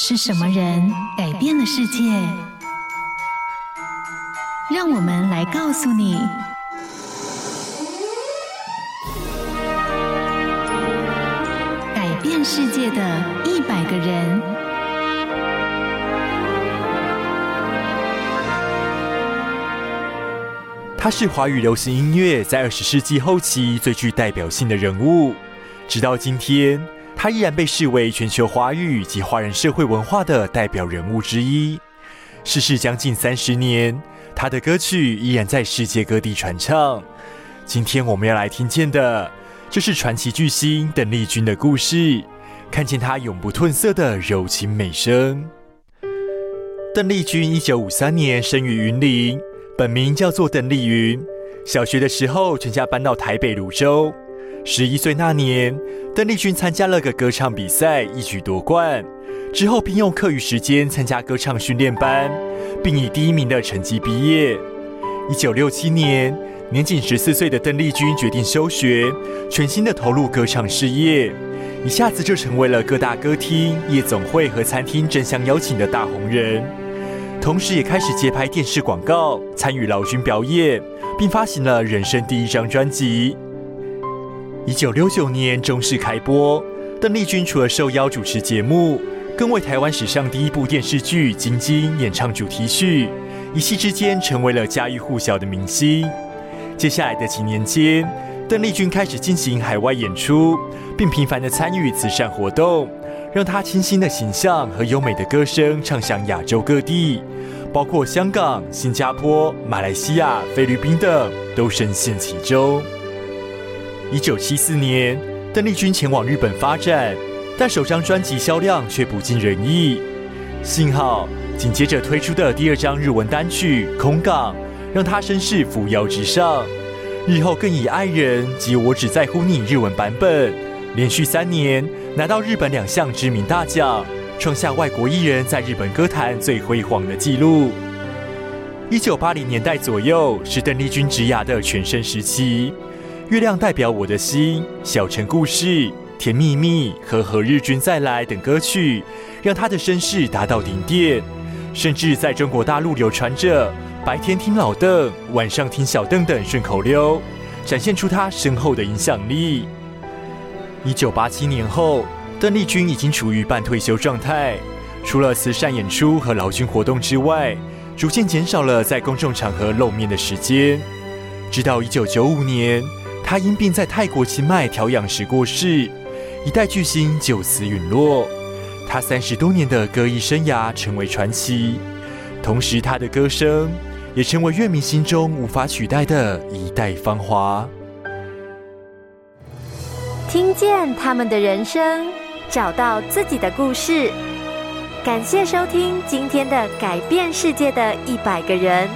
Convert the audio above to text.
是什麼人改變了世界？讓我們來告訴你：改變世界的一百個人。她是華語流行音樂在二十世紀後期最具代表性的人物，直到今天。他依然被視為全球華語以及華人社會文化的代表人物之一，逝世將近三十年，他的歌曲依然在世界各地傳唱。今天我們要來聽見的，就是傳奇巨星鄧麗君的故事，看見她永不褪色的柔情美聲。鄧麗君一九五三年生於雲林，本名叫做鄧麗雲，小學的時候全家搬到台北蘆洲。十一歲那年，鄧麗君參加了個歌唱比賽，一舉奪冠。之後，並用課餘時間參加歌唱訓練班，並以第一名的成績畢業。一九六七年，年僅十四歲的鄧麗君決定休學，全心的投入歌唱事業，一下子就成為了各大歌廳、夜總會和餐廳爭相邀請的大紅人。同時，也開始接拍電視廣告，參與勞軍表演，並發行了人生第一張專輯。一九六九年，中視開播，鄧麗君除了受邀主持節目，更為台灣史上第一部電視劇《晶晶》演唱主題曲，一夕之間成為了家喻戶曉的明星。接下來的幾年間，鄧麗君開始進行海外演出，並頻繁的參與慈善活動，讓她清新的形象和優美的歌聲唱響亞洲各地，包括香港、新加坡、馬來西亞、菲律賓等，都深陷其中。一九七四年，鄧麗君前往日本發展，但首張專輯銷量卻不盡人意。幸好，緊接着推出的第二張日文單曲《空港》，讓她聲勢扶搖直上。日後更以《愛人》及《我只在乎你》日文版本，連續三年拿到日本兩項知名大獎，創下外國藝人在日本歌壇最輝煌的紀錄。一九八零年代左右，是鄧麗君職涯的全盛時期。月亮代表我的心、小城故事、甜蜜蜜和何日君再來等歌曲，讓他的聲勢達到頂點，甚至在中國大陸流傳着“白天聽老鄧，晚上聽小鄧”等順口溜，展現出他深厚的影響力。一九八七年後，鄧麗君已經處於半退休狀態，除了慈善演出和勞軍活動之外，逐漸減少了在公眾場合露面的時間，直到一九九五年。他因病在泰國清邁調養時過世，一代巨星就此隕落。他三十多年的歌藝生涯成為傳奇，同時他的歌聲也成為樂迷心中無法取代的一代芳華。聽見他們的人生，找到自己的故事。感謝收聽今天的《改變世界的一百個人》。